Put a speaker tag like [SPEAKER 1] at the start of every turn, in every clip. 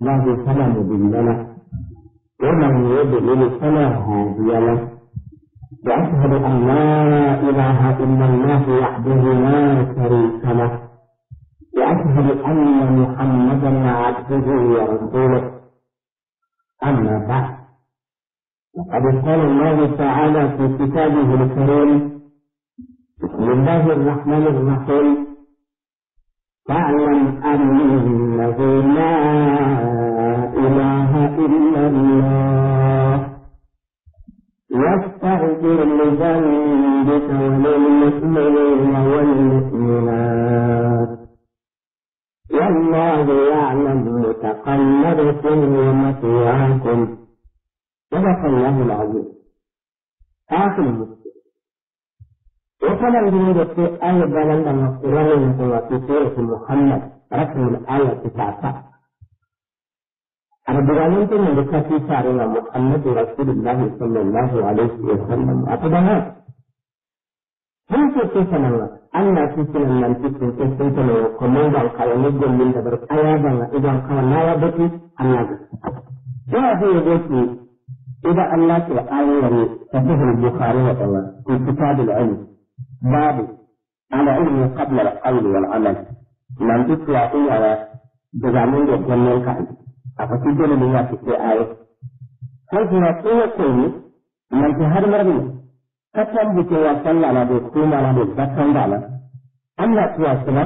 [SPEAKER 1] الله فلا مضل ومن يدعو فلا هادي له واشهد ان لا اله الا الله وحده لا شريك له واشهد ان محمدا عبده ورسوله اما بعد وقد قال الله تعالى في كتابه الكريم بسم الله الرحمن الرحيم فاعلم أنه لا إله إلا الله واستغفر لذنبك وللمسلمين والمسلمات والله يعلم متقلبكم ومثواكم صدق الله العظيم آخر المسلم وكان الجنود أن بدل أن يقولون في سورة محمد رقم الآية 19 الرجالين كان يذكر في شعرنا محمد رسول الله صلى الله عليه وسلم أقدمات هم سيسنا أن سيسنا من سيسنا سيسنا وكمان دعو قال نجل من دبرك أيا إذا قال لا يبكي أن يجب جاء في يبكي إذا الله تعالى يريد فهو البخاري وطلع في كتاب العلم babu ada ilmu qabla al-qawl wal amal nanti sesuatu yang berani dia jamalkan apa saja yang dia fikir hal sesuatu ini nanti hari mereka kacang bikin wasan lana di kuma lana di batang Allah suasana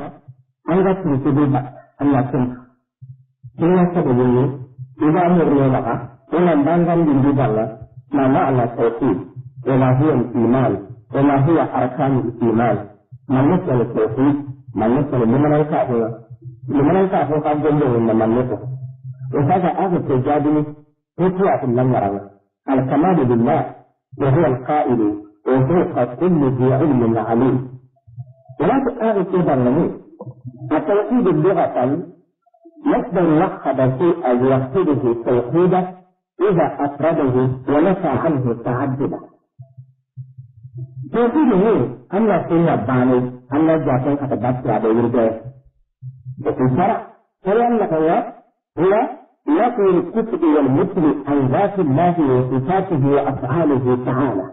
[SPEAKER 1] Allah suruh Allah suruh dengan sebab tidak murni maka dengan bangkan dinding Allah nama Allah tauhid dan iman وما هي أركان الإيمان من يسأل التوحيد من يسأل لمن الكافر لمن الكافر قد جنبه من يسأل وهذا هذا التجادل يطلع في المنظر الكمال بالله وهو القائل وفوق كل ذي علم عليم ولكن هذا التجار جميل التوحيد لغة مصدر وحد شيء يوحده توحيدا إذا أفرده ونفى عنه تعددا to shi ne ne Allah sai ya bani Allah ya san aka dakta da wurin da da kun fara sai Allah ka ya ya ya ku ne kuku da wal mutli an zati Allah ya sifatu ya afaluhu ta'ala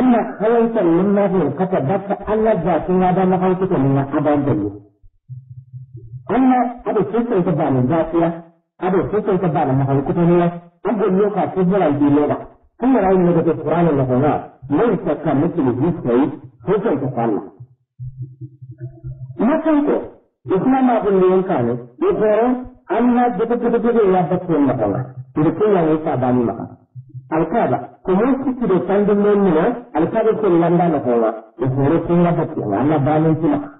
[SPEAKER 1] Allah kawai san nan na ku kata dakta Allah ya san ya da mafi kuka nan aban da ne Allah abu sun ta bani zakiya abu sun ta bani mafi kuka an gani ka ku bura bi ne ba Allah rawun ne da Qur'anin da kuma laisa ka mithlihi ko hukan ka Allah na san ko islam abin da yanka ne ko gore Allah da ta ta ta ya fasu na kuma da kuma yi sa bani maka alkaba kuma su da sandin nan ne alkaba ko landa na kuma ko gore sun ya fasu Allah ba ni maka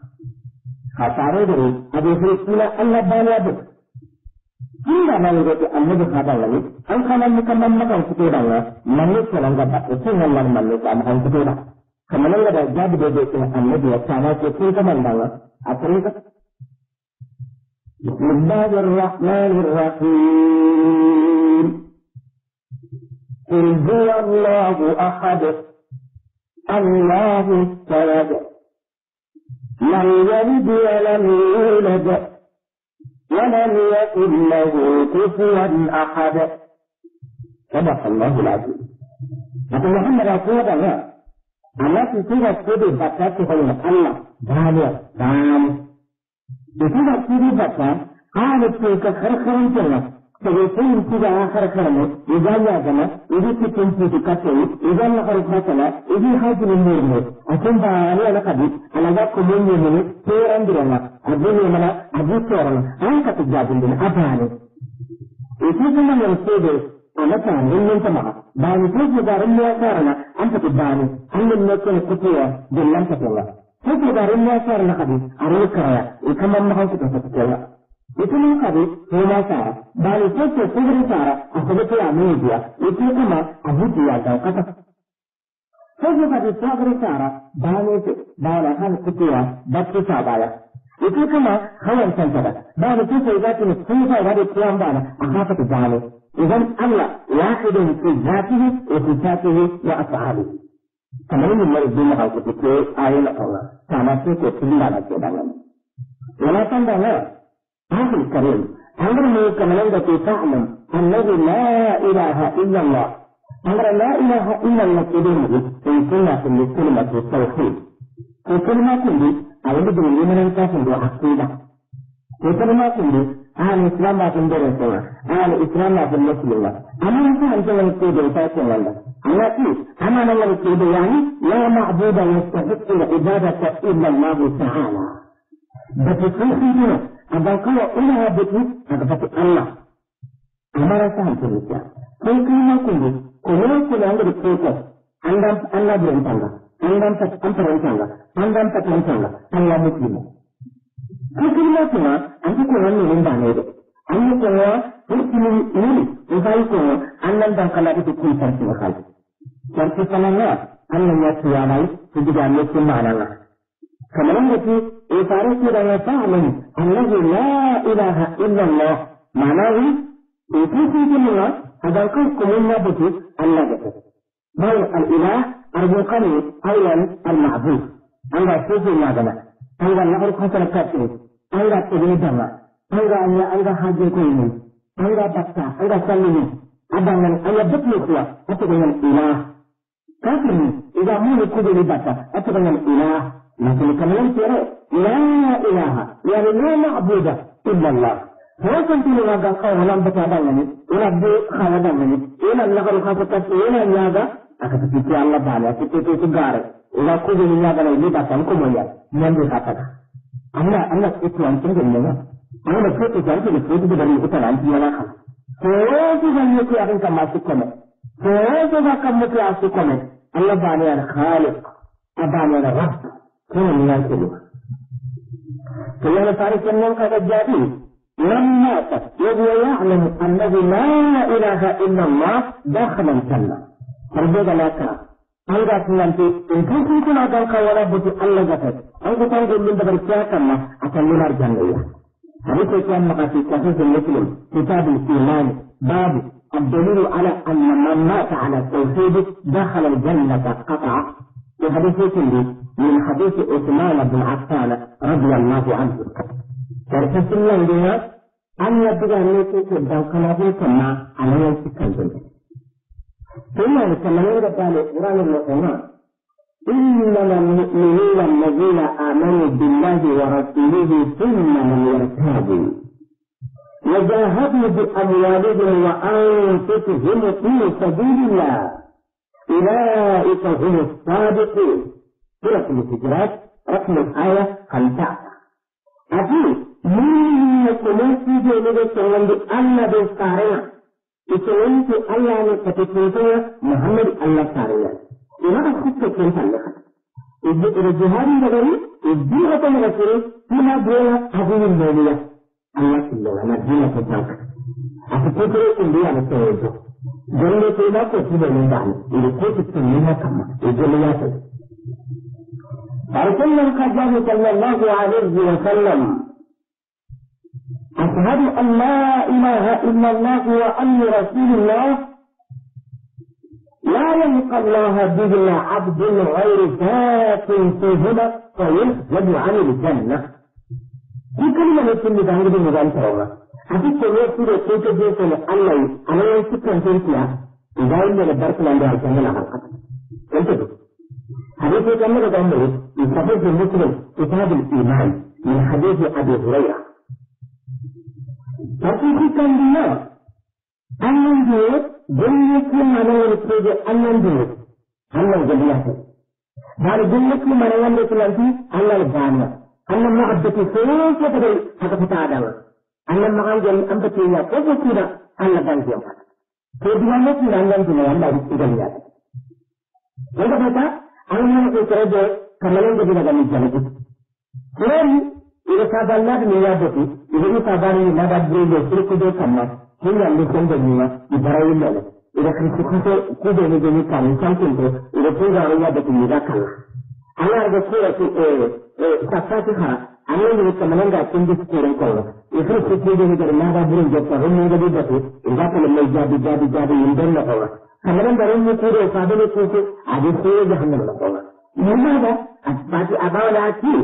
[SPEAKER 1] ka tare da ni a bai sai Allah ba ni ಜಿಂದಾನಂದಕ್ಕೆ ಅನ್ನದ ಹಾಡಲ್ಲಲ್ಲಿ ಅಂಕನನ್ನು ಕಮ್ಮನ್ನ ಕಂಸುಕೋಡಲ್ಲ ಮನ್ನಿಸ ರಂಗದ ಉಸಂಗಲ್ಲ ಮನ್ನಿಸ ಅಂಕಂಸುಕೋಡ ಕಮಲಂಗ ರಜ್ಜಾದ ಬೇಬೇಕಿನ ಅನ್ನದ ಚಾಣಕ್ಕೆ ಕೂಟ ಬಂದಾಗ ಅತ್ರೇಕ بسم الله الرحمن الرحيم قل هو الله أحد الله الصمد لم يلد ولم يولد ولم يكن له كفوا احد صدق الله العظيم لكن محمد رسول الله الناس يصير يصير يصير يصير يصير يصير يصير يصير يصير يصير يصير يصير يصير يصير يصير يصير يصير يصير يصير فبيكون كده آخر كلمة إذا يعجل إذا كتن في تكتل إذا نقر مثلا إذا حاج من نيرنه أكون بأعلى لقد أنا ذاك من نيرنه تيران ديرنا أبين يمنا أبين تيران أنا كتجابل لنا أبعالي إذا كنا نرسيده أنا كان من ينتمع بأن تجد رمي أكارنا أنت تبعني هل النكون كتير جلن كتير فجد رمي أكارنا قديم أريد كرايا إكمام مهنسك فتكتير Itulah kami mula cara dari satu kubur cara asal kita media a sama abu dia kau kata. Satu kali kubur cara dari itu dari hal ba batu sabaya. Itu sama kawan saja. hawan itu saya kata ni kuda dari tiang bala akan kita jalan. idan Allah wahid fi zatihi wa sifatihi wa af'alihi. Kamar ni mai هذا الكريم أمره كملندة تعلم الذي لا إله إلا الله أمر لا إله إلا الله تدمه إن كنا في كلمة التوحيد وكلمة كلي أولد من الكافر وعقيدة وكلمة كلي أهل الإسلام ما تنظر سوا أهل الإسلام ما تنظر سوا أما أنت أنت من كيد فاتن الله أنا كيف أما أنا من كيد يعني لا معبود يستحق العبادة إلا الله تعالى بتصيح دينك amma kawai ina biki a gaban Allah amma ra sa hankali ta kai kai ma ku ne ko ne ku da da kofa an dan an Allah da tanga an dan ta an fara tanga an dan ta kan tanga Allah muke mu kai kai ma kuma an ku wannan rin ba ne da an yi kuma mutum ne in ba yi kuma an nan dan kala da kun tarki wa kai tarki sanan ne Allah ya tsaya mai su diga ne sun ma'anar فمنهجه يفارق إذا فعلا أنه لا إله إلا الله معناه يتوفي الله هذا القلب من نبته النبته بل الإله أرجوكني أيضا المعبود أيضا سوف المعبلة أيضا نعرف حسن الكافر أيضا تبيدما أيضا أن أيضا حاجة كويني أيضا بكتا أيضا سلمي أدانا أن يبتني كوا أتبين الإله كافر إذا مولي كودي لبكتا أتبين الإله لكن كمان ترى لا إله يعني لا معبود إلا الله فوقن تلو واقع قولا بتابعني وربي خلدني إلى اللغة الخاصة إلى في أكتبتي الله تعالى أكتبتي تجارة إذا كنت من الياغة لي بسان ويا من ذي بخاطك أنا أنا أتوا أنت جميعا أنا كنت أنت بسيط بدل يقتل أنت يا لاخر فوقن تلو يقول أنت ما سكمت فوقن تلو يقول أنت ما سكمت الله تعالى الخالق الله تعالى الرب كون ياكلها فلذلك عليه وسلم قد جابيه لم مات وهو يعلم انه لا اله الا الله داخل الجنه فردد لا كلام ಹೌದಾ ಸುಳ್ಳಂತೆ ಇಂಥಾಕ ಒಳಬುದು ಅಲ್ಲಗತದೆ ಹೌದು ತಂದು ಇಲ್ಲಿಂದ ಬರಿಸಾಕಲ್ಲ ಆ ಕಲ್ಲಿನಾರ್ حديث ಅದಕ್ಕೆ ಮಗತಿ كفيف المسلم كتاب الإيمان باب الدليل على أن من مات على التوحيد دخل الجنة قطع وحديثكم من حديث عثمان بن عفان رضي الله عنه كرتسلا بها أن يبدأ أنك تبدأ كلامكما على نفسك الجنة ثم يتمنى قال القرآن القرآن إنما المؤمنون الذين آمنوا بالله ورسوله ثم لم يرتابوا وجاهدوا بأموالهم وأنفسهم في سبيل الله أولئك هم الصادقون سورة الهجرات رقم الآية 15 अभी मूल कुमारी जो मेरे संबंध अल्लाह दे सारे इसलिए कि अल्लाह ने प्रतिक्रिया मोहम्मद अल्लाह सारे इन्होंने खुद से खेल अल्लाह الجهاد النبوي الدين الرسول المولية الله كله أنا دينك الزوج أتفكر إن دي أنا ஜல்லியத்தைதான் கொசுவை இருந்தாங்க இது கூட்டு நிலக்கம்மா ஜல்லியாசது فرسول الله صلى الله عليه وسلم أشهد أن لا إله إلا الله وأني رسول الله لا يلقى الله به عبد غير ذات في هدى فيخرج عن الجنة دي كلمة من السنة ده هنجيب المجال Así que no sirve que yo yo se le anla yi, a no hay su conciencia, y va a ir de la parte la idea de la halka. Entonces, حديث يتمر بأنه يستفيد المسلم كتاب الإيمان من حديث أبي هريرة. ففي كتاب الله أن يقول جنة من يرتجى أن يقول أن الجنة بعد جنة من يرتجى أن الجنة أن المعبد في سوء فتري حتى فتعدمه Allah magan jami an bace ya kaje kira Allah dan jiya to diwan ne kira Allah dan jiya Allah riki dan ya wanda bata Allah ko kira je kamalan da daga ni jami kirari ida ka ba Allah ne ya bace ida ni ka ba ni na da gure da kirku da kamma hin ya ne san da ni ma ibrahim da ida kan ku ku da ne da ni kan san kun da ida ko ga ya da ni da kan Allah ga ko ya ce eh eh ta أنا إذا كمان قاعد تندي كورن كورن يخلص تيجي نقدر ما دابرين جبت هم نقدر جبتوا إذا كان لما يجاب يجاب يجاب يندل لقوا كمان دارين يكوروا قابل يكوروا عاد يصير جهنم لقوا لماذا أثبت أبوالاتي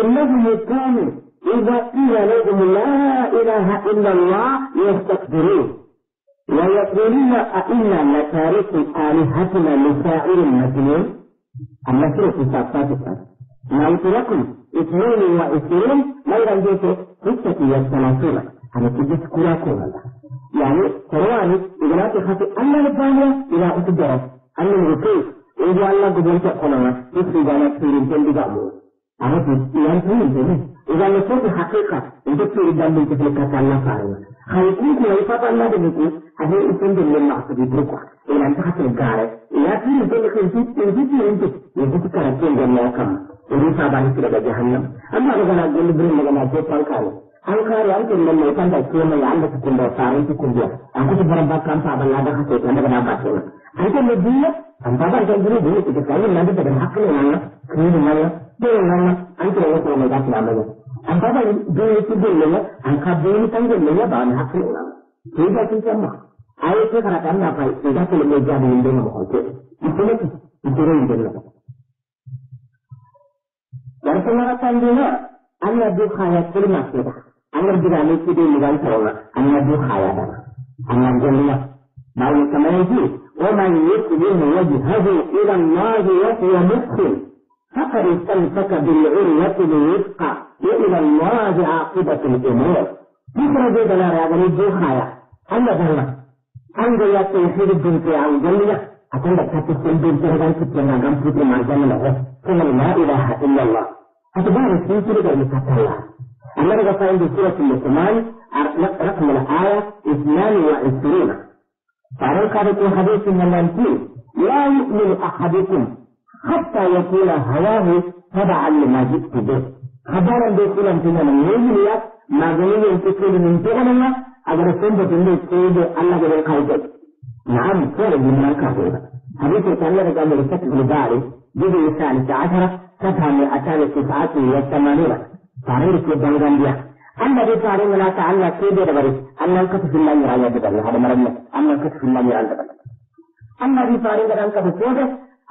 [SPEAKER 1] إنه يكون إذا قيل لهم لا إله إلا الله يستكبرون ويقولون أئنا لتاركوا آلهتنا لسائر المسلمين المسلمين في صفات الأرض ما يتركون اثنين واثنين غير الجنس قصتي والسلاسلة على كجة كلا كلا يعني ترواني إغلاق خطي أما الثانية إلى أتدرس أما الغطيف إذا الله قدرت تأخلنا يخي جانا تيرين تنبي دعمو عرفت إيان تيرين تنبي إذا نكون حقيقة إذا تيرين دعمو تفلكة الله فارغة خيكون كلا يفضل الله بنكو هذه إنسان للمعصب يدركوا إلى أن تحصل الجارة إلى تيرين تنبي خلصيت تنبي تنبي يجب كرتين جميعا كمان Insa ba ni daga jahannam amma ga gana gani birnin daga na ko fankare an kare an kin nan mai fanta ko mai an da kun da farin kun biya an kuma baran ba kan fa ban na da hake kan daga na ba ko an kin da biya an ba ba kan gani biya da kai nan da daga hakkin nan kin nan da nan an kin da ko mai da kana mai an ba ba biya su da nan an ka biya tan da ne ba na hakkin nan ke da kin san ma ai ke kana kan na fa da ko mai jami'in da mu ko ke ita ne ita ne da දැන් තියෙනවා අන්න දුක්ඛයත් පිළිමස්නේ. අන්න දිගාලේ කිදී නිවන් කරනවා. අන්න දුක්ඛයද. අන්න දෙන්නේ බාලු තමයි ومن يكذب وجهه إلى الله وهو مسلم فقد استمسك بالعروة الوثقى وإلى الله عاقبة الأمور. فكرة دي دلالة على الدوخة أما ذلك عند يتوحيد البنت عن جنة أتندك تتسل بنت هدان كتنا قمت في معجم الأغسطس لا إله إلا الله أتبارك في سورة المكتلة النبي قال عنده سورة اللقمان رقم الآية 22 فعليك الحديث من المنتين لا يؤمن أحدكم حتى يكون هواه تبعا لما جئت به خبرا بكل أنتنا من يجلية ما جميل ينتقل من تغنية أجل سنبة من سيد ألا جل قلبك نعم سورة من الكافرة حديث الثانية قال لي ستة ذلك جزء الثالث عشرة kasane a tare su fasu ya zama ne ba tare da ke bangon biya an da dai tare mu lata Allah sai da bari Allah ka tafi nan ya yi da Allah da maramma Allah ka tafi nan ya da Allah an da dai tare da ranka ba ko da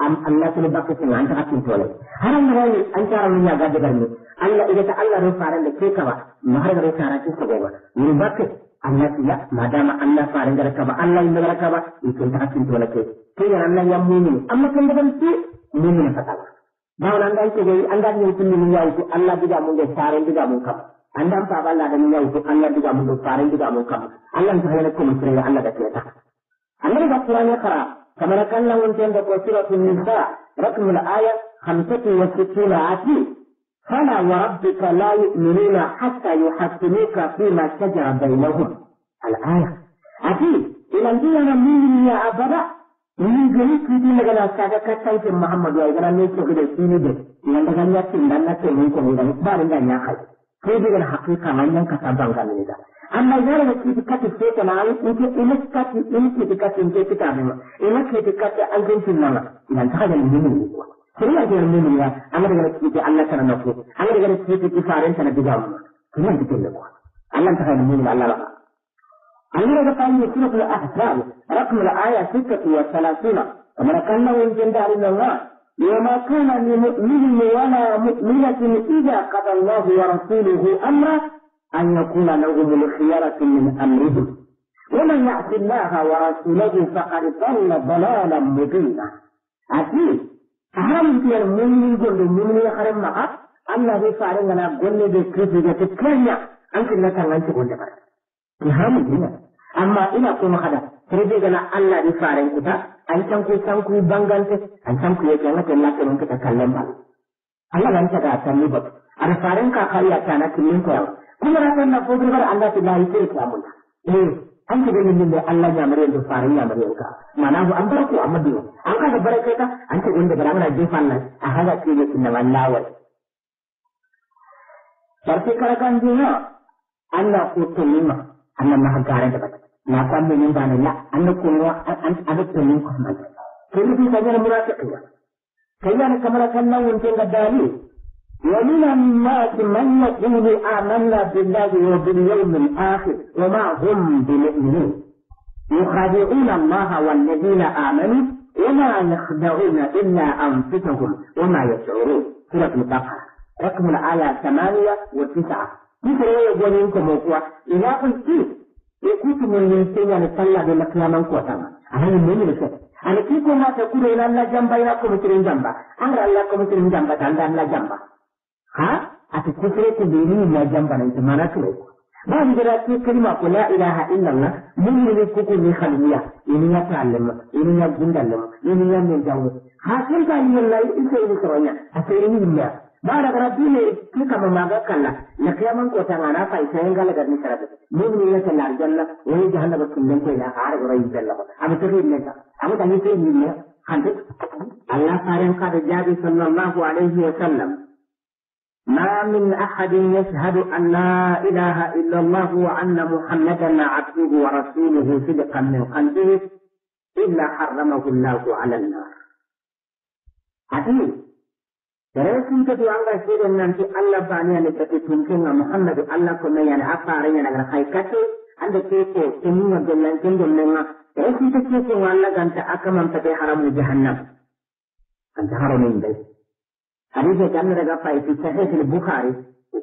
[SPEAKER 1] am Allah sun baka sun an ta cikin tole har an rawi an tara mun ya ga da garmi Allah ta Allah ne da ke kaba mu har garo tara cikin ka gaba mun baka Allah ya madama Allah fara da ka ba Allah ne da ka ba in ta tole ke kai ran nan ya amma kan da ban ce mu'min fa bawon an dan kujeri an dan yin tunni mun yawutu Allah diga mun da saren diga mun kam an dan fa Allah da mun yawutu Allah diga mun da saren diga mun kam Allah ta hayar kuma sirri Allah da kiyata annabi ba Qur'ani ya kara kamar kallan wancan da ko suratul nisa rakmul aya 65 ati فلا وربك لا يؤمنون حتى يحكموك فيما شجر بينهم الآية أكيد إلى الدين من يا أبدا ni gari kidi na gana kaga ka taife muhammadu ai gana ne ke da shi ne da yan daga ya ce dan na ce ni ko ne ba ran da ya kai kai daga hakika man yan ka san ban ne da amma yara da kidi ka ce ta na ai in ke ina ka ce in ke ka ce ke ta ina ke ka ce an guntin nan nan ta ga ni ne ko sai ya ga ni ne ya amma daga kidi Allah kana na ko amma daga kidi ki faran ta na diga mu kuma kike ne ko Allah ta ga ni ne Allah ba అందులో కాలం ఇచ్చినప్పుడు అహ్సాబ్ రకముల ఆయా సిక్కటి వసలాసిన మన కన్న ఏం الله وما كان لمؤمن ولا مؤمنة إذا قضى الله ورسوله أمرا أن يكون لهم الخيارة من أمرهم ومن يعص الله ورسوله فقد ضل ضلالا مبينا أكيد هل في المؤمن يقول المؤمن يخرم معك أن يفعل لنا قل بكريبه تكريا أنت لا تنغنت قل بكريبه alhamdulillah amma ina so maka da sai zai gana Allah ne faran kuta, an san ku san ku banganta an san ku yake mata lakarin ka kallon ba Allah ran ta da sanni ba da faran ka a ta na kullun ko kuma san na ko gurbar Allah ta lahi sai ta mun eh an ji ne min da Allah ya mare da faran ya mare ka mana ku an bar ku amma dai an ka da baraka ka an ta inda bara mana jefan nan a haka ke ne inna wallahi barke karakan duniya Allah ko ma. أن المهجارة ما ناقام من بان الله أن كل أن أن من كهمل كل في سجل مرافقية كيان كمرة كنا وانتين قدالي ومن الناس من يقول آمنا بالله وباليوم الآخر وما هم بمؤمنين يخادعون الله والذين آمنوا وما يخدعون إلا أنفسهم وما يشعرون سورة البقرة رقم الآية ثمانية وتسعة Dikere gwanin kuma kuwa, ina kun ci, e kuti mun yin senya ni talla da maklaman ko tama. Ana mun ne ce. Ana ki ko ma ta kure ina la jamba ina ko mutirin jamba. An ga Allah ko mutirin jamba dan dan la jamba. Ha? Ati kufre ko be ni na jamba ne na kure. Ba ni da ki kalma ko la ilaha illallah mun ne ko ko ni khalmiya. Ini ya ta'allama, ina ya gundallama, ina ya min dawo. Ha kan ka yi Allah ita ne karanya. sai ni ne. بعد ربي كما ما قال لقيام قوتان انا فايسين قال قد نسرت من يتلع الجنه وهي جهنم كلن كيلا عارف ريب الله ام تريد لك ام تنيت من خنت الله قال قد جابر صلى الله عليه وسلم ما من أحد يشهد أن لا إله إلا الله وأن محمدا عبده ورسوله صدقا من قلبه إلا حرمه الله على النار. حديث Dareetiin tati waan gaarii deemnaan Allah baanii tati tunkeenya Muhammad Allah kunna yaani affaara yaani agar haykatee anda keekoo kennuuma gollaan kennu golleema dareetiin tati keekoo waan Allah ganta akka manfatee haramu jahannam. Ganta haramuun gal. Hadiisa kan ragafaa itti sahih al-Bukhaari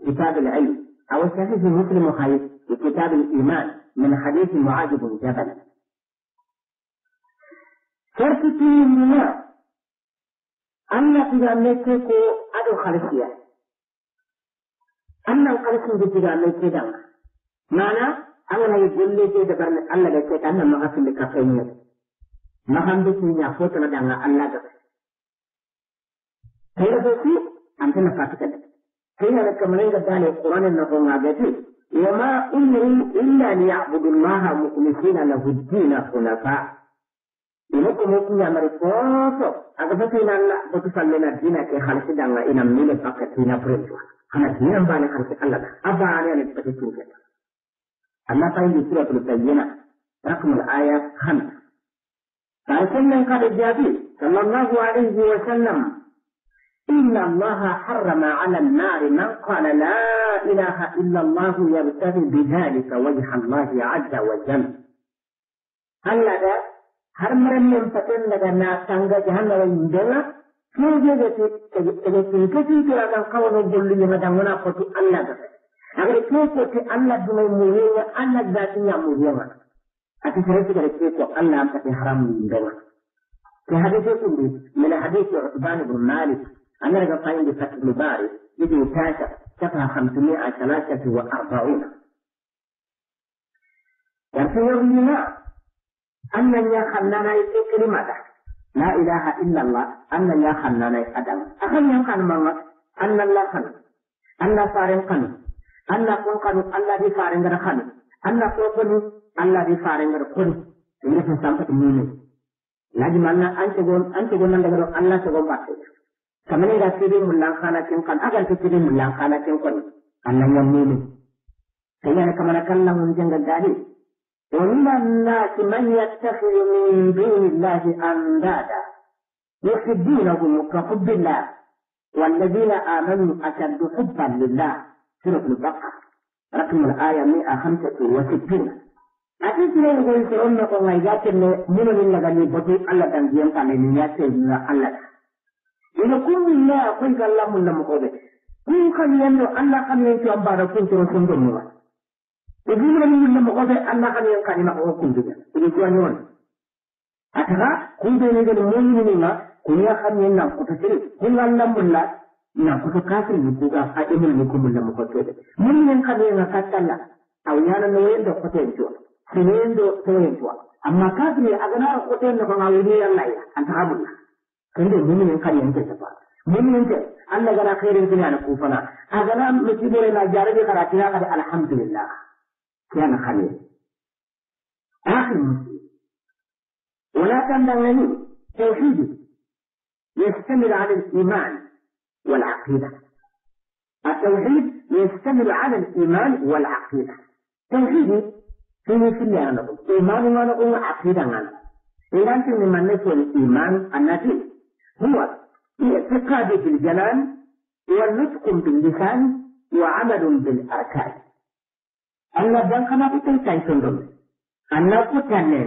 [SPEAKER 1] kitaab al-ilm أو الصحيح مسلم وخير في كتاب الإيمان من حديث معاذ بن جبل. شرط الدين Allah su zame ke ko adon halsiya. Allah halsin da jira mai ke dan. Mana awala yi gulle ke da barna Allah da ke dan ma hasin da kafin yau. Mahamdu sun ya fota na dan Allah da. Kai da su an tana fatika da. Kai da kamar da dane Qur'anin na gonga da ce wa ma umri illa liya'budu Allah mukhlisina lahu ad-din hunafa. ඉමකෝකී ඇමරිකාසෝ අගබතිනන්න ඔතුසල්ලෙන දිනකේ හලසිදන්න ඉනම් මිල තින ප්‍රේතුවා අන දිනම් බාන හලසි අල්ලද අබානේ නිපති තුකේ අල්ලා පයි සූරතුල් රකමුල් ආයත් ඛම් فأسلم قال الجابر صلى الله إن الله حرم على النار من قال لا إله إلا الله يبتغي بذلك وجه الله عز وجل هل هذا කර්මයෙන් පටන් ගන්න සංඝ ජහනවල ඉඳලා කෝජයකේ කෝජයකේ කීකලා කවන ගොල්ලියම දඟන පොටි අල්ලගට. අගර කෝකෝටි අල්ලග් දුමේ මුවේ අල්ලග් දාතිය මුවම. අති කරේ කෝකෝ අල්ලම් පටි හරම් ඉඳලා. كحديث من حديث عثمان بن مالك أن رجل قائم بفتح الباري يجي تاسع صفحة 543 يعني يوم annan ya na yi kirma da la ilaha illallah annan ya na yi adam a yan kan mamma annan la kan annan farin kan annan kun kan Allah bi farin gara kan annan ko kanu. Allah bi farin gar kun ne san sampa ni ne laji manna an ce gon an ce gon nan daga Allah ce gon batte kamar ne da sirri mullan kana kin kan agan ta sirri mullan kana kin kan annan yan ne ne kai ne kamar kallon mun jin gaggari ومن الناس من يتخذ من دون الله اندادا يحبونهم كحب الله والذين امنوا اشد حبا لله سوره البقره رقم الآية 165 أتي سنين قلت أن الله يجاكر من من لغني بطي الله تنزيان قال إن ياسي من الله إذا كن الله قلت الله من المقوبة كن كن ينو الله قم ينسي أمبارا كنت رسول الله e gimrani yimɓe moko ɓe anna kam yen kanima koko kuntuɓe ene duwani on ataga kumbenegene moyininima kuniya kam yen nankoto sere hungan lambulla nankoto kafir yibbuga ha ɗemirani kumbulla mokotoɓe moyinen kam yenga kattalla aw ñanano wendo koten cuwa sinendo toyen cuwa amma kafiri aganara kotenno kon awini allaya antaga bulla kande muminen kam yente sapa muminte allah gana kairin kini ana kufana agana mesiɓorena jaraɓe kara tira kadi alhamdulillah كان خليلا آخر مسلم ولا تنبغي له توحيده يشتمل على الإيمان والعقيدة التوحيد يشتمل على الإيمان والعقيدة توحيدي فيه في اللي إيمان ما نقول عقيدة ما إذا أنت من نقول الإيمان النتيجة هو اعتقاد بالجلال ونطق باللسان وعمل بالأركان Allah kana kutan tankan dole Allah kutan ne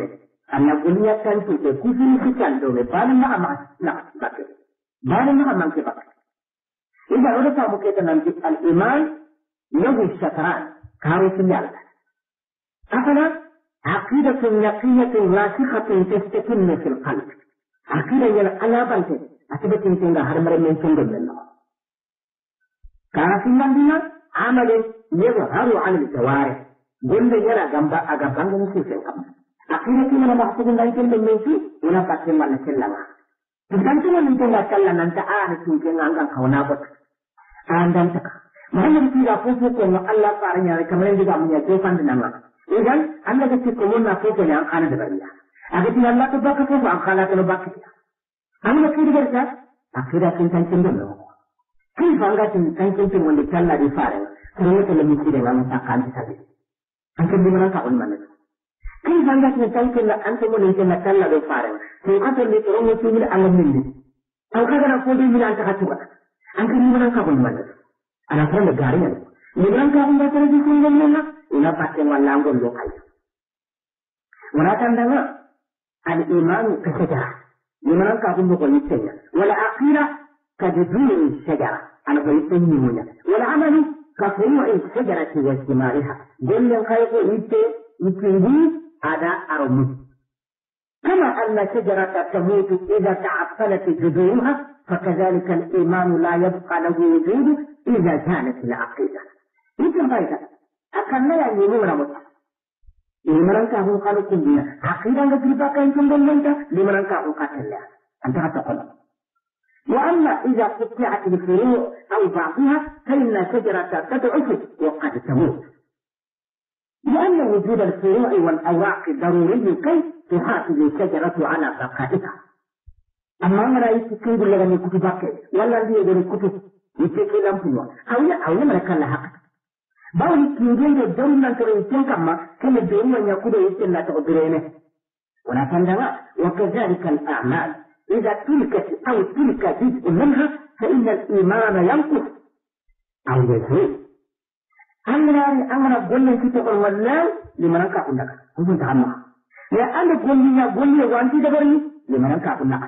[SPEAKER 1] Allah kun ya tantu ke kuzin kitan dole bani ma amma na baka bani ma amma ke baka idan wani samu ke tanan ki al-iman lahu shatran karo sun ya Allah akala عقيدة يقية راسخة تستكن في القلب عقيدة يلقلا بانت أتبت انتنا هرمر من تنجد لله كافي من دينا amalin yadhharu an al-jawarih gundun yana gamba a gaban ganin sosai amma akirati mana mahsubun dan kin min shi ina fatin mana sallama dan kuma min tun sallan nan ta ana kin kin an kan kauna ba an dan ta mahallin tira ko ko ko Allah tsarin yare kamar yadda ba mun ya ce fan nan ba idan an da ke kuma na ko ko ne an kana da bariya a ga Allah ta baka ko an kala ta baka an da kiri garta akirati kan kin da كيف أنقذ كان كنت من تلا رفارة كلمة لم يصير أنا مساقان تسبب أنت بمرة تقول منك كيف أنقذ من كان كلا أنت من تلا تلا رفارة كلمة لم تروم تقول على مني أو كذا نقول من أنت كتبك أنت بمرة تقول منك أنا كلا قارين بمرة تقول بس رجع كل يوم ولا باتم ولا أقول لك ولا تندم الإيمان كشجرة بمرة تقول لك ولا أخيرا كبدون الشجرة أنا قلت إني هنا والعمل كفروع الشجرة وثمارها قل الخيط أنت يتنجي هذا أرمز كما أن شجرة تموت إذا تعطلت جذورها فكذلك الإيمان لا يبقى له وجود إذا كانت العقيدة مثل ذلك أكلنا يعني يؤمنون مطلقا لمن كان قالوا كلنا عقيدة قد ربك أنتم بلنك لمن كان قاتل أنت هتقول وأما إذا قطعت الفروع أو بعضها فإن الشجرة تضعف وقد تموت لأن وجود الفروع والأواقي ضروري كي تحافظ الشجرة على بقائها أما أنا رأيت كيف لغني كتبك ولا لي غير كتب يتكي لم تنوى أو لا أو لا ملكا لحق باوي كيدين الدول من ترى يتنكما كما الدول من يقول يتنى تقدرينه ولا تندمى وكذلك الأعمال إذا تلك أو تلك جزء منها فإن الإيمان ينقص أو يزول أمنا أمنا قولي كتو والله لمن كاكو لك هو تعمى يا أنا قولي يا قولي وأنت دبري لمن كاكو لك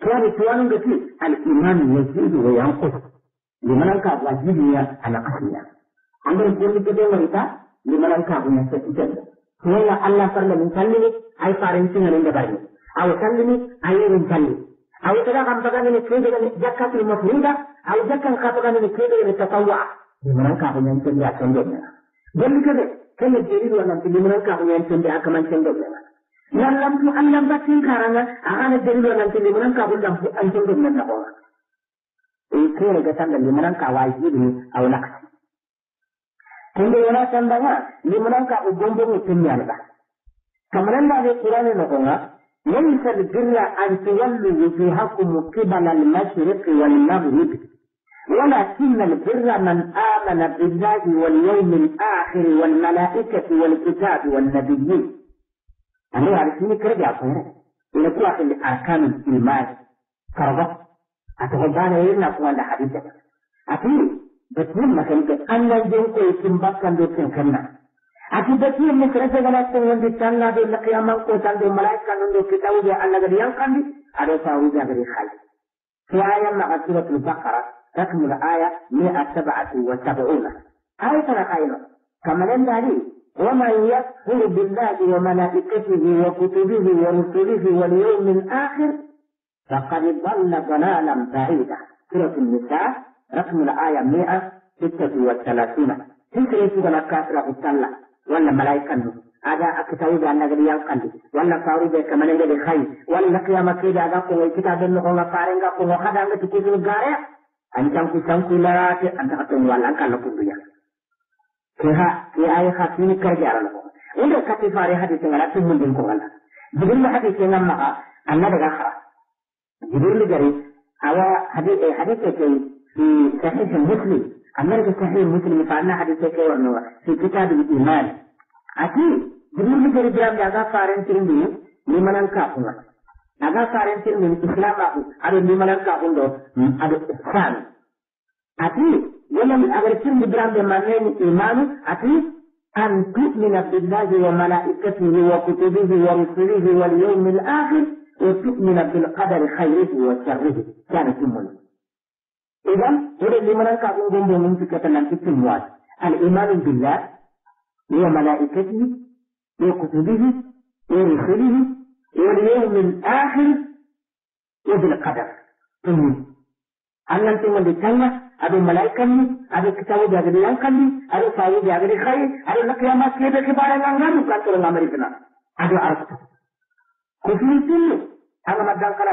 [SPEAKER 1] كان سؤال قتي الإيمان يزيد وينقص لمن كاكو وزيدني على قسمي أنا قولي كتو مريتا لمن كاكو نكا هو الله صلى الله عليه وسلم أي فارنسي هنين دبرني أو سلمي أي مسلم أو ترى كم بقى من كيدة جكة المفروضة أو جكة كم بقى من كيدة التطوع لمن كان ينتمي إلى سندنا بل كذا كم الجريد ولا لمن كان ينتمي إلى كمان سندنا nan lam tu an lam batin karanga akana dalilu nan tin limunan ka bulla an tin dum na ko e ko ne gatan da limunan ka wajibi ne aw nak tin yana san da limunan ka ubon bo tin ya ba kamar da ne qur'ani na ko ليس البر أن تولوا وجوهكم قبل المشرق والمغرب ولكن البر من آمن بالله واليوم الآخر والملائكة والكتاب والنبيين أنا عارفين كرجع صورة إلى قوة الأركان الإيمان كربة أتغبان إلينا قوان حديثة أتيري بس مما كنت أنا جنكو يتنبقى لكن كنا أكيد بسيء مكرسة غلط تقول دي تان دي لقيامة وتان دي ملايك كانون دي كتاو دي الله غريان كان دي أدو تاو دي غري خالي في آية مع سورة البقرة رقم الآية 177 آية تنقينا كما لن ومن يكفر بالله وملائكته وكتبه ورسله واليوم الآخر فقد ضل ضلالا بعيدا سورة النساء رقم الآية 136 تلك ليس لك كافرة بالله ولا ملائكة هذا كتاب أن قد يلقن ولا صاروا بك من قد خي ولا قيامة كي هذا قوة كتاب النقوة قارن قوة هذا أنك تكيز القارع أنتم كسام كلارات أنت أتون ولا أنك لكم بيا كها كي أي خاتمين كرجال لكم إذا كتفاري هذه تنقل تمن دين كوغلا جبريل هذه تنقل مع أن هذا خرا جبريل جري أو هذه هذه كي في صحيح مسلم أمريكا صحيح مسلم فعلنا حديثة كيوانا في كتاب الإيمان أكيد دليل كريجام لأغا فارن تلمي نيمانان الكافر أغا فارن تلمي إسلام أبو أدو نيمانان كافون دو أدو إحسان أكيد ولم أغر تلم برام بمانين الإيمان أكيد أن تؤمن بالله وملائكته وكتبه ورسله واليوم الآخر وتؤمن بالقدر خيره وشره كانت تمنى Iban, ini lima rangka yang jenjen yang suka tenang itu semua. Al iman billah, ia malaikat ini, ia kutub ini, ia rasul ini, ia liyum al akhir, ia bil qadar. Ini. Anak tu mesti tanya, ada malaikat ni, ada kitab yang agak diangkat ni, ada sahaja yang agak dikhayi, ada nak yang mas kira kebaran yang ramu kantor yang Amerika. Ada arus. Kufir itu,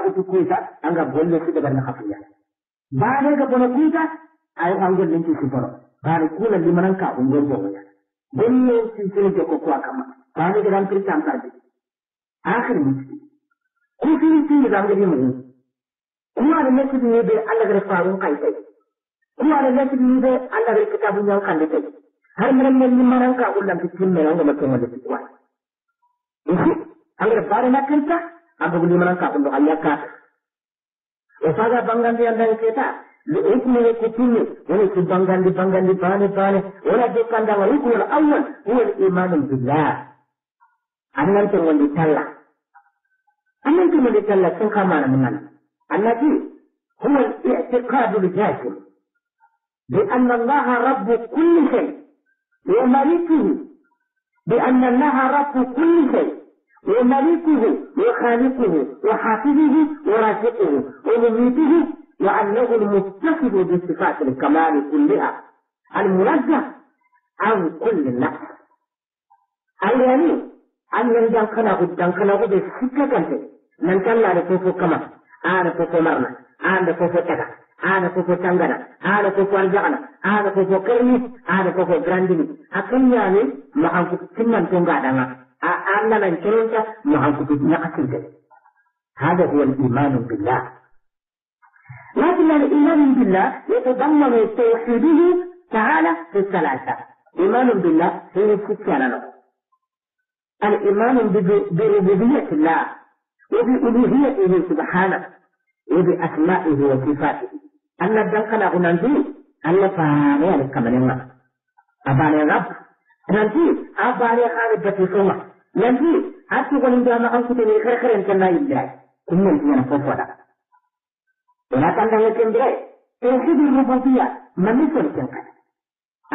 [SPEAKER 1] itu kuasa, anggap bayan ka bona kuita an angol len ci sifaro baada kula di manan ka ko ngol bobo bonno ci ke ko ko kama baada ka dan kri tam tarbi akhir mu ku fi ci da ngol mu ku ala nekk ne be Allah ga faru kai tay ku ala nekk ne bai Allah ga kitabu ñaw kan kai har manan men ni manan ka ulam ci tim men ngol ko ngol ci an ga angre na nakanta an ga manan ka ko Allah ka وصاغا بنغاندي عندنا كيتا اسمه كتير وليس بنغاندي بنغاندي باني باني ولا كان ده ويكون الأول هو الإيمان بالله أننت من يتلع أننت من يتلع سنخمان من الذي هو الاعتقاد الجازم بأن الله رب كل شيء وملكه بأن الله رب كل شيء ومليكه وخالقه وحافظه ورافقه ومميته وأنه المتصف بصفات الكمال كلها المنزه عن كل نقص يعني أن دنكناه دنكناه بسكة كنت من كان لا فوفو كما أنا فوفو مرنا أنا فوفو كذا أنا فوفو تنغنا أنا فوفو الجعنا أنا فوفو كرمي أنا فوفو جراندي أكن يعني ما أنفك تمن تنغا من كنت معجبنا أكيدا هذا هو الإيمان بالله لكن الإيمان بالله يتضمن توحيده تعالى في الثلاثة إيمان بالله هي ستة الإيمان بربوبية الله وبألوهيته سبحانه وبأسمائه وصفاته أن الدنقل أغنانتي أن فاني أنك من الله أباني رب أغنانتي أباني خالد بتي سوما لنجي حتى يقول إن جاء أو كتير خير خير إن كنا يدري كنا نتينا فوفنا إلا كان ده يكندري توحيد الربوبية ما مثل كنكنا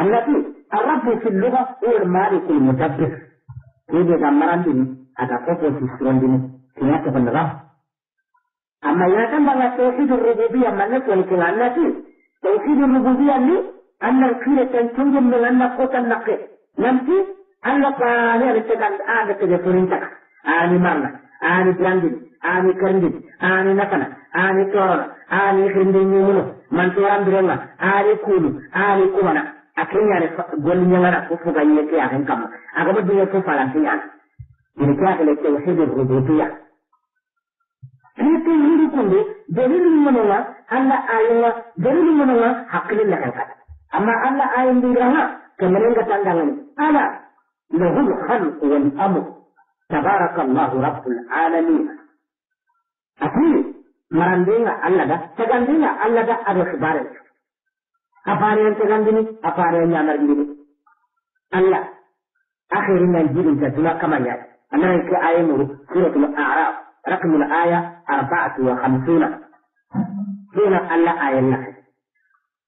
[SPEAKER 1] التي الرب في اللغة هو المالك المدبر كيف يدمران دين أتفوفو في سرون دين كنا تبنغاه أما إذا كان بقى توحيد الربوبية ما نقول كلا التي توحيد الربوبية لي أن الخيرة تنتج من أن قوت النقي نمتي allah paami aɗa cagande aande tege forin caga aani marna aani jandini aani karndini aani nafana aani torona aani hirnde ñumuno manto rambirolla aani kuunu aani kumana a keñaane golli ñagana fo fogañe keyaken kamma agama duya fo falante ñaana ine keyakele ce hedorobe duya ɗiti yiri kunde dalilu mononga allah ayonga dalilu mononga hakkile lekel kata amma allah ayondiranga kemenengatandangani ala له الخلق والأمر تبارك الله رب العالمين أكيد مرندين ده تجندين تغندين ده أدوش بارد أفارين تجندين أفارين يامرندين الله آخر ما يجيب انت تلا كما يعني أنا يكي آية نور سورة الأعراف رقم الآية أربعة وخمسون سورة الله آية النحل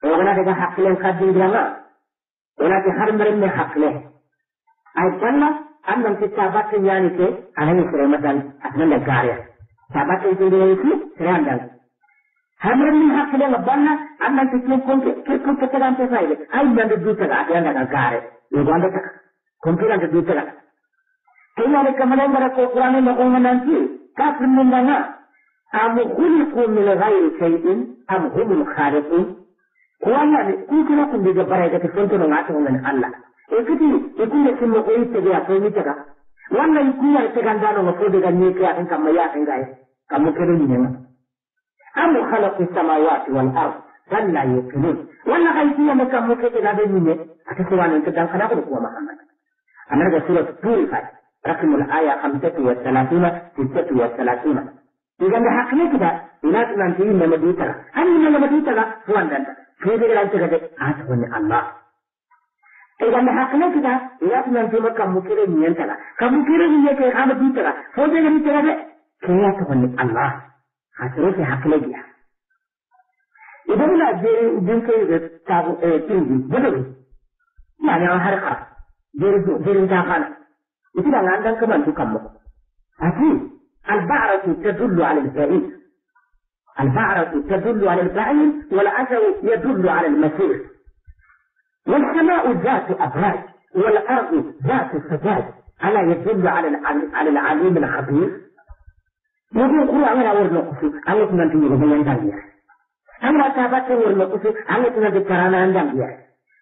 [SPEAKER 1] وغنى تغا حق لين خدين جماعة وغنى تغا حرم حق لين aytanna annan fitta bakka yani ke anani sire madan asnan da gariya ta bakka ikin da yake sire andan hamran min hakle labanna annan fitta kon ke kon ke tan ta sai ai nan da duta ga yan da gare yo ganda ta kon ke nan da duta ga kayya da kamalan bara ko qur'anin da umman nan ki kafir min nan am khuliqu min ghayri shay'in am humul khaliqun ko Allah ne kun kira kun daga bara daga fonto nan Allah e kiti e kunde kinno ko itte de ato mi taga walla i kuya te ganda no ko de ganne ke an kam ya kan gaye kam ko de ni ma am khalaqu samawati wal ard dan la yuqinun kai tiya ma kam ko de da ni ne aka ko wannan ta dan kana ko kuma muhammad amma daga surat turifat rakmul aya 35 36 idan da haka yake da ina tunan ta yin na madutara an ni na madutara zuwan danta sai dai ran ta gaje a ta wani Allah إذا محاكمة كده لا تنظم كمكير نيان تلا كمكير نيان كي قام دي تلا فوجا نبي تلا ده كيا تغني الله خاطره في حق لجيا إذا لا جير دين كي تابو تيجي بدو يعني أنا هرقا جير جير تاقانا إذا لا كمان تكمل أكيد البعرة تدل على البعير البعرة تدل على البعير والأثر يدل على المسير والسماء ذات أبراج والأرض ذات سجاج ألا يدل على على العليم الخبير؟ يقول كل أمر أورد نقصي أنا كمان تيجي من يندم يا أنا أتابعت أورد نقصي أنا كمان بكرنا يندم يا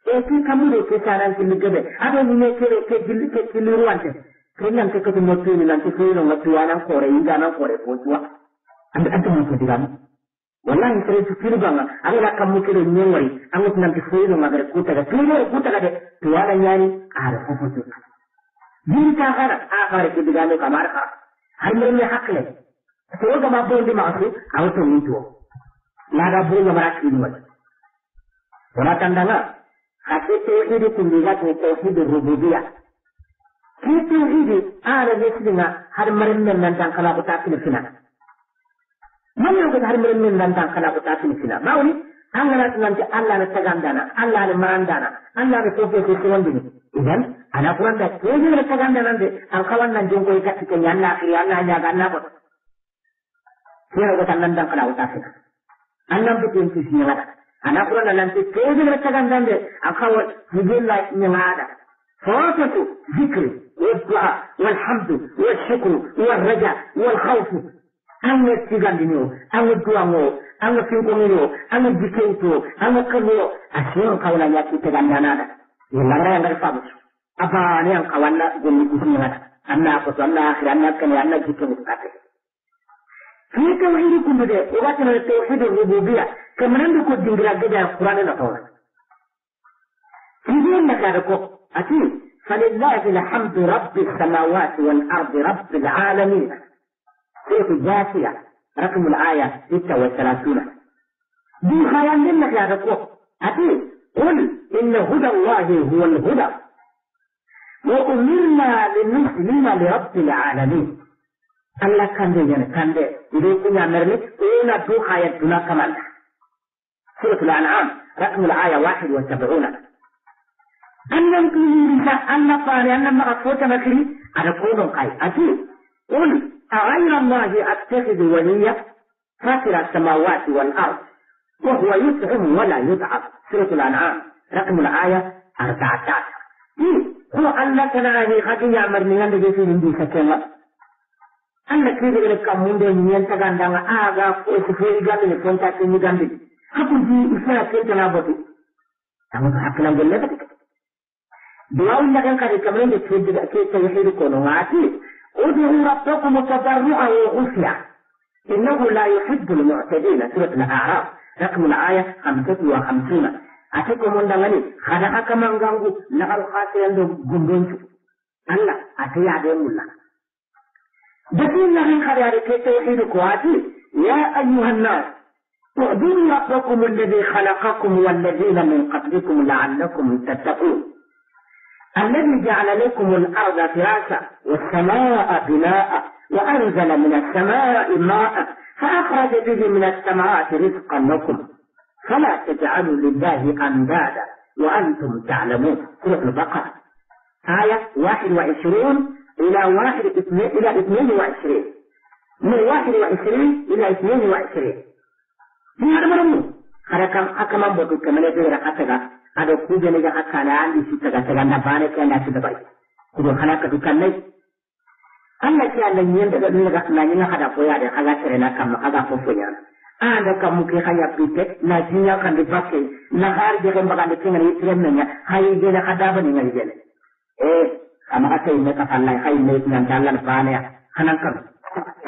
[SPEAKER 1] إيه كم لو كسران كل كده أبو مين كده كجيل كجيل روانته كنيم كده كده موتين لانتي كده لانتي وانا كوري إذا أنا كوري فوتوا أنت أنت ما تدري wala ni su firba banga an la kam mukiro nyengori an mut foyi tifoiro magare kuta ga tuiro kuta ga de to wala nyani ala fufu to yin ta gara a fara ki diga no kamar ka har mun ne hakle to ga ma bonde ma su a wato mun to na ga bonde ma ki ni wala wala tandanga hake tauhidi kundiga to tauhidi rububiyya ki tauhidi ala ne sidinga har marin nan nan dan kala ko ta fina من يوجد هذا من من دان دان خلاص تاسين فينا ما هو أنا نتمنى الله نتجمع دانا الله نمان دانا الله نتوفى في سوون دنيا إذا أنا قرأت كل من نتجمع دانا عند الخوان نجوم كي تكتب يانا خير يانا يا غانا بس يا رب تمنى دان خلاص تاسين أنا بتوين في سوون دنيا أنا قرأت الله نتوفى كل من نتجمع دانا عند الخوان نجوم لا نمان فرصة ذكر والدعاء والحمد والشكر والرجاء والخوف ang tigandino, ang duango, ang kibumino, ang dikento, ang kago, asyon kawala ya kitegandana. Yellara yang berfabu. Apa ni yang kawanna gumi kusinga? Anna aku anna akhir anna kan anna dikento kate. Ini tauhid kumede, obat na tauhid rububiyah. Kemarin ko dingra geda Quran na tawon. Ini nakara ko ati فلله الحمد رب السماوات والأرض رب العالمين سيف الجاسية رقم الآية 36 دي خيال منك يا رفو أتي قل إن هدى الله هو الهدى وأمرنا للمسلمين لرب العالمين ألا كان دي يعني كان دي إذا كنا مرمي أين دو خيال دونا كمان سورة الأنعام رقم الآية 71 أنم كي يريد أن أن أن أن أن أن أن نصاري أنم أن مكري أرفوضن قاي أتي قل أغير الله أتخذ وليا فاطر السماوات والأرض وهو يطعم ولا يضعف سورة الأنعام رقم الآية 14 إيه، هو الله كان هي خاتم يعمر من عند جيسي من دي سكيمة أنا كيف يقول لك من دي نيان تغان دانا آغا وكفيري جامل فونتا كيني جامل حكم دي إسنا في تنابطي تمام حقنا جلبتك دعاء الله كان كان كمان كيف تيحيري كونو عاتي ادعوا ربكم تضرعا وخفيا انه لا يحب المعتدين سوره الاعراف رقم الايه 55 اتكم من دغني خذا كما غنغ لا الخاسر عندهم غندنت الله اتي عليهم الله دفين لغي خريار التوحيد كواتي يا ايها الناس اعبدوا ربكم الذي خلقكم والذين من قبلكم لعلكم تتقون الذي جعل لكم الأرض فراشا والسماء بناء وأنزل من السماء ماء فأخرج به من الثمرات رزقا لكم فلا تجعلوا لله أندادا وأنتم تعلمون سورة البقرة آية 21 إلى واحد إلى 22 من 21 إلى 22 في هذا مرمو هذا أكمل بدو كمان يجري رقصة ado kujeliga akkanaan isittaga saganda baane kenda sidabay kudo halaka dukannay Allah ki Allah nyen daga dun daga kana nyen hada foya da kaga tere na kam kaga fofo nya anda kam ke haya pite na jinya kan de bakke na har de kan bagan de tinga ni tirem nya hayi de na kada bani ngali jele eh kama ka tayi ka Allah hayi ne nan dalan baane hanan kam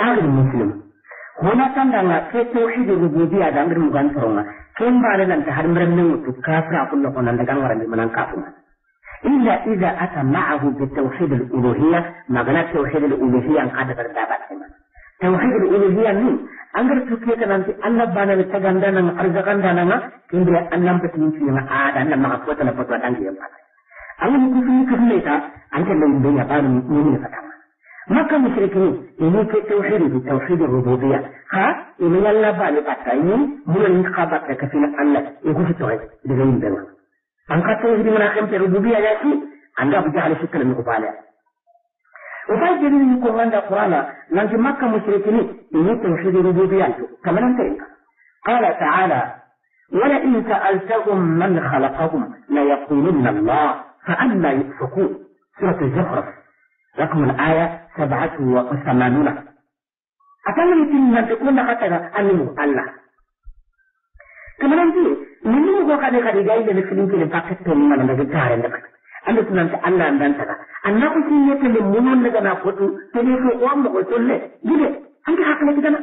[SPEAKER 1] alim muslim hona tan da na ke tauhid rububiyya da ngirin mugan toronga ba nan kembali nanti hari merenung itu kafir aku nak orang dengan orang menang kafir. Illa ida ata ma'ahu bitauhid al-uluhiyah, makna tauhid al-uluhiyah yang ada berdapat sama. Tauhid al-uluhiyah ni, anggar tukiya ka nanti Allah bana ni taganda nang arzakan dana nga, kimbra Allah petunjuk yang ada nang makapuatan na patwa dangi yang patah. Anggar kufi ne ta, an anggar lain dunia ba ni ni fatang. ما كان مشركين إني في التوحيد في توحيد الربوبية ها إمي لا بالي باتاين من الانتخابات لك أن الله يقول في التوحيد لغين بنا أن قد توحيد من أخيمة الربوبية لكي أن أبو على شكل من قبالة وفاي جديد من عند القرآن لأنك كان مشركين إني توحيد الربوبية كما لم تريك قال تعالى ولئن سألتهم من خلقهم ليقولن الله فأنا يؤفكون سورة الزخرف رقم الآية سبعة وثمانون akan ditinggal kuna kataga aminu Allah kemudian minnu go kada kada gai da nufin ke paket to mun da tare da kai Allah sunan ta Allah dan ta Allah ku kin yake da mun daga na kudu to ne ko wa mu ko tolle gide an ga haka ne gidan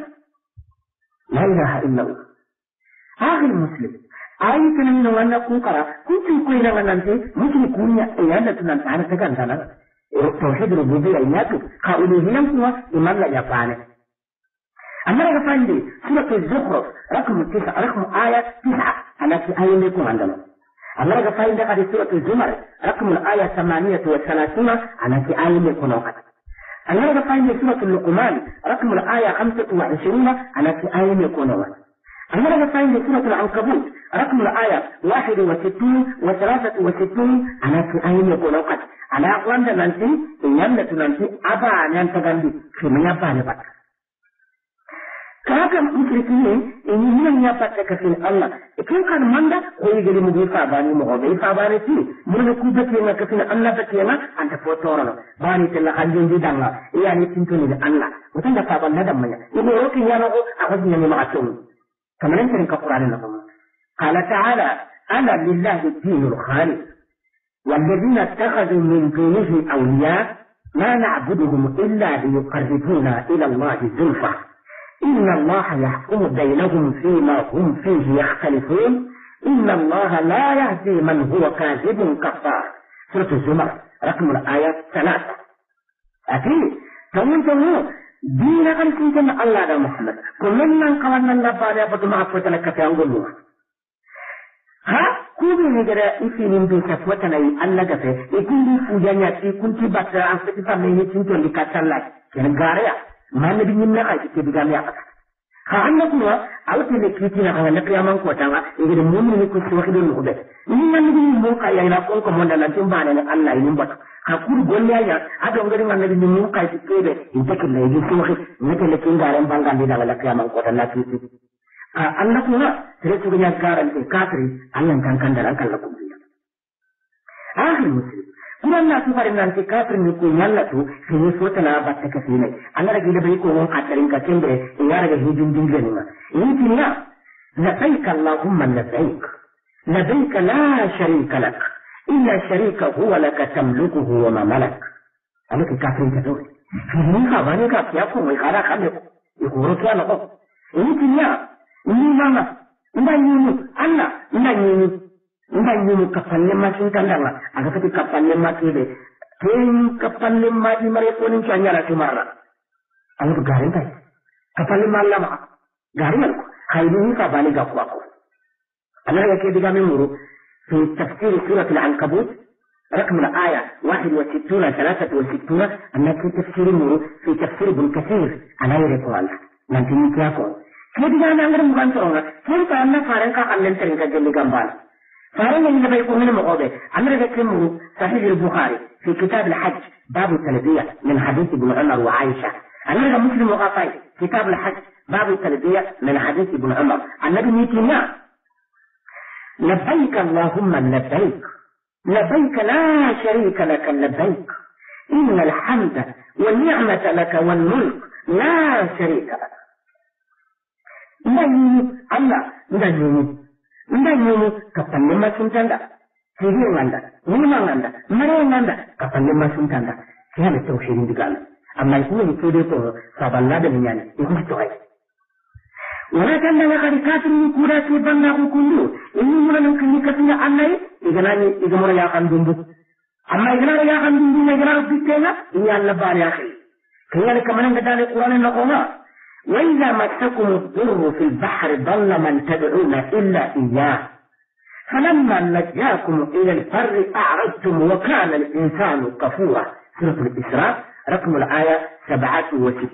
[SPEAKER 1] la ilaha illa Allah akhir muslim ayi tunan wannan kun kara kun kun koyi da wannan sai mutum kunya ya da tunan ta har ta kan ta tauhid rububiyya nyatu ka uluhiyyam kuma imam la yafane amma daga fande suratul zukhruf rakmu 9 rakmu aya 9 alati ayin ne kuma andano amma daga fande ka suratul zumar rakmu aya 38 alati ayin ne kuma ka amma daga fande suratul luqman rakmu aya 25 alati ayin ne kuma المرة الثانية من سورة العنكبوت رقم الآية 61 و 63 على سؤال يقول وقت على wanda nanti inyam da tunanti aba nan ta gandi kuma ya bani ba kaga mutriki ne in yin ya fatta kafin Allah kin kan manda ko yi gari mu bi fa bani mu hobe fa bani ti mun ku da ke na kafin Allah ta ke na an ta foto ran bani ta la an jin didan iya ne tin tuni da Allah mutan da fa ban da manya ibo rokin ya na ko a hujja ne ma atun كما يمكن علينا الله قال تعالى أنا لله الدين الخالص والذين اتخذوا من دونه أولياء ما نعبدهم إلا ليقربونا إلى الله زلفى إن الله يحكم بينهم فيما هم فيه يختلفون إن الله لا يهدي من هو كاذب كفار سورة الزمر رقم الآية ثلاثة أكيد فمن dina kan kun kunna Allah da Muhammad ko nan nan kawan nan da ba da ba ma fa tana kafa angulu ha ku bi ne gara isi nin bi ka fa tana yi Allah ga fa e kun bi ku ya nya kun ti ba ta an fi ta mai ni tin to ni ka talla ya gariya ne bi nin na ka ki bi ga ya kuma awtene ne kiti na kotawa ngede momini ko siwakidon nuko na ko ko mun konko mondala tin banene allah ka nimbatu golle kuri a ado ngari man ni muuka ti keɓe intekilla egi siwaki metele kingaren bangandiɗawa laqiyaman kota na kiti a allah kuma tere garan garante kafiri allah tan kandara kallakum kumbiya ahli muslim කුමන්නක් පරිණාමක කාපරින් කුමන්නතු සිනසොතන බත්තක සීනේ අන්නර ගිලබයි කෝ هناك කකෙන්දේ ඉංගාරග හිජුම් දිංගනම ඉතින්න لبيك اللهم لبيك لبيك لا شريك لك إلا شريك هو لك تملكه وما ملك أمك كافرين كدول فيني خباني كافياكم ويخارا خمي يقولوا كيانا هناك إني تنيا إني ماما إني نيني أنا إني نيني እንዳየን ከፈለማችን ታንዳላ አገፈት ከፈለማት ሄደ ተይን ከፈለማት መሬ ቆንን ቻኛራች ማራ አሁን ጋሪን ታይ ከፈለማላማ ጋሪን አልኩ ኃይሉን ከባሌ ጋር ቋቋ أنا هي كده جامع مرو في تفسير سورة العنكبوت رقم الآية 61 63 أنا في تفسير مرو في تفسير ابن كثير أنا يريكوانا نانتي ميكياكو كده جامع مرو مغان سرونا كده أنا فارنكا أنن ترنكا جلي جنبانا ثانيا اللي بيكون من المغاضب عمر بيتكلم صحيح البخاري في كتاب الحج باب التلبية من حديث ابن عمر وعائشة النبي مسلم وقاطعي كتاب الحج باب التلبية من حديث ابن عمر النبي ميتينا نعم. لبيك اللهم لبيك لبيك لا شريك لك لبيك إن الحمد والنعمة لك والملك لا شريك لك لا نعم. الله لا نعم. ማንዳ ምን ማንዳ ምን ማንዳ መሬናንዳ ከፈለማችሁም ዘንዳ ሲያለ ይድጋል አማይ ሁሉ ይቶዴቶ ሳባላ ደምኛለ ይሁስቶይ ወራከና ለቀድ ካፍሩ ኩዳት ይበናሁ ኩሉ ይሙለኑ ከተኛ አናይ ይገናኝ ይገሞረ ያቀን ድንቡ አማ ይገናኝ ያቀን ድንቡ ይገናኝ ቢቴና እኛ ለባሪያ ከኛ ለከመን ገዳለ ቁርአን ነቆና وإذا مسكم الضر في البحر ضل من تدعون إلا إياه فلما نجاكم إلى البر أعرضتم وكان الإنسان كفورا سورة الإسراء رقم الآية 67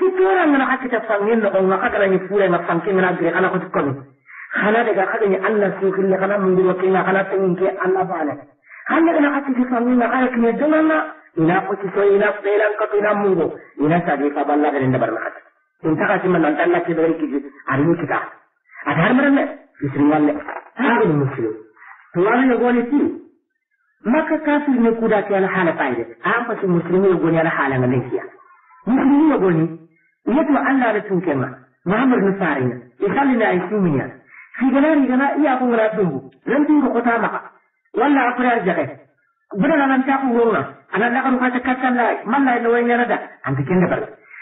[SPEAKER 1] تتورا من عكت الصنين أو نقدر نفولي ما فانكين من أجل أنا قد قلت خلا دقا خدني ألا سوك اللي خلا من دلو كينا خلا تنينك ألا بالك خلا دقا خدني فانين آية كنية دلنا إنا قتسوا إنا قتلان قتلان منغو إنا سادي فابالله غير النبر نحتك ಇಂತಹ ನಂತನ್ನ ತಿಳುವಳಿಕೆಗೆ ಅರಿವಿಸಿದ ಅಧರ್ಮರನ್ನೇ ಶ್ರೀವಲ್ಲೇ ಹಾಗೆ ಮುಸ್ಲಿಂ ಸುವರ್ಣ ಗೋಲಿಸಿ maka kafir ne ko da ta yana hana fa'ida an fasu musulmi ya goni yana hana na lafiya musulmi ya goni yato Allah da tun kema Muhammad na fare ne isali na aisi minya fi gana ni gana iya kun ra tun ran tun ko ta maka wallahi akura jakai bada nan ta kan ka ta man ne an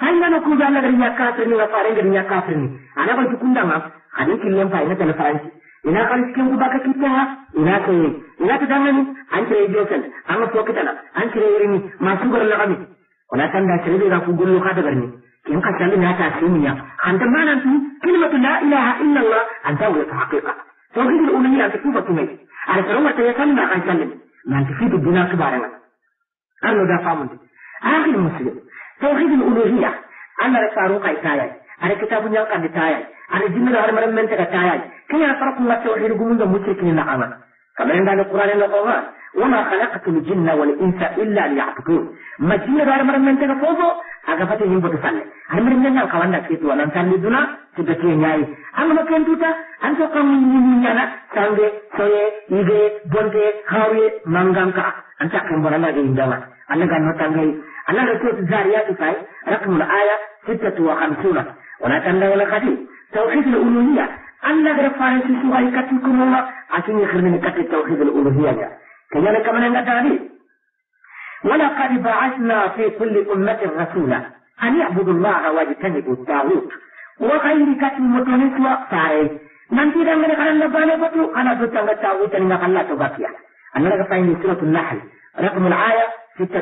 [SPEAKER 1] hanya na kuja Allah garin ya kafir ne fara garin ya kafir ne ana ban tukunda ma hadin killen fa ina tana faranci ina kan cikin guba ka kinta ina ta yi ina ta dan ne an kire jokan an so kitana an kire irin masu garin lagami wala san da kire da ku gullo ka da garin in ka kalli na ta simiya an ta mana tu kalmatu la ilaha illa Allah an ta wuce haqiqa to gidi ulumiyya ta kufa tumai ala karamar ta ya kalma an kalli ta tafi dubuna su bare an no da famu akhir muslim tauhidul uluhiyya Allah kai tayai ada kitabun yang kan ditayai ada jinna har maram men taka tayai kaya farqu ma tauhid gumun da mushrikin na aman kamar inda da qur'ani na qoma wama al jinna wal insa illa liya'budun ma jinna har maram men taka fozo aga fata yin bata sanne har maram men ka wanda ke tuwa nan duna to da ke nyayi amma ma kan tuta an to kan ni ni yana sange soye ige bonte hawe mangangka an ta kan barala ga indama anda kan no أنها سورة الزاريات فاي رقم الآية 56 ولكن لا ولا خدي توحيد الألوهية أن لا غرفان سوى يكتلكم الله أكين يخرمني كتل توحيد الألوهية كذلك من الأدابي ولقد بعثنا في كل أمة رسولا أن يعبدوا الله واجتنبوا الطاغوت وغير كتل متنسوى فاي nanti dan mereka akan الله betul karena tu tangga tahu tentang Allah tu الله Anak أن ini surat Nahl, rakmul ayat 36.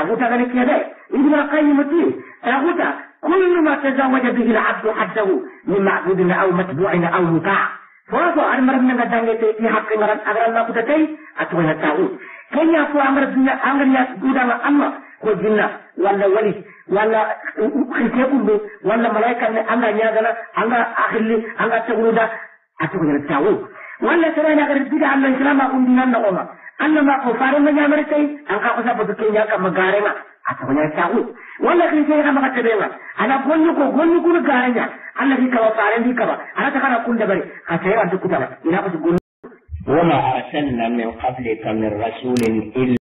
[SPEAKER 1] وتذلك يديه ابن القيم الدين أغوتا كل ما تزوج به العبد حده من معبود أو متبوع أو مطاع فرضو أمر من غدان في حق مرض أغرى الله قدتي أتوين التاغوت كي يفو أمر الدنيا أمر يسجود على الله ko jinna walla wali walla xirte ɓurɓe walla malaika ne anga ñagana anga axilli anga tegunuda a tegoñana tawo walla sarayna gar bida allah islama undinan na oma allah ma ko faare ma nyamare tay an ka ko sabu ke nyaka magare ma ata wanya sawu walla ke ke kama katabe ma ana gonyu ko gonyu ko garanya allah ki kawa faare ndi kaba ana ta kana kunda bare ka tayi an dukuta ina ko gonyu وما أرسلنا من قبلك من رسول إلا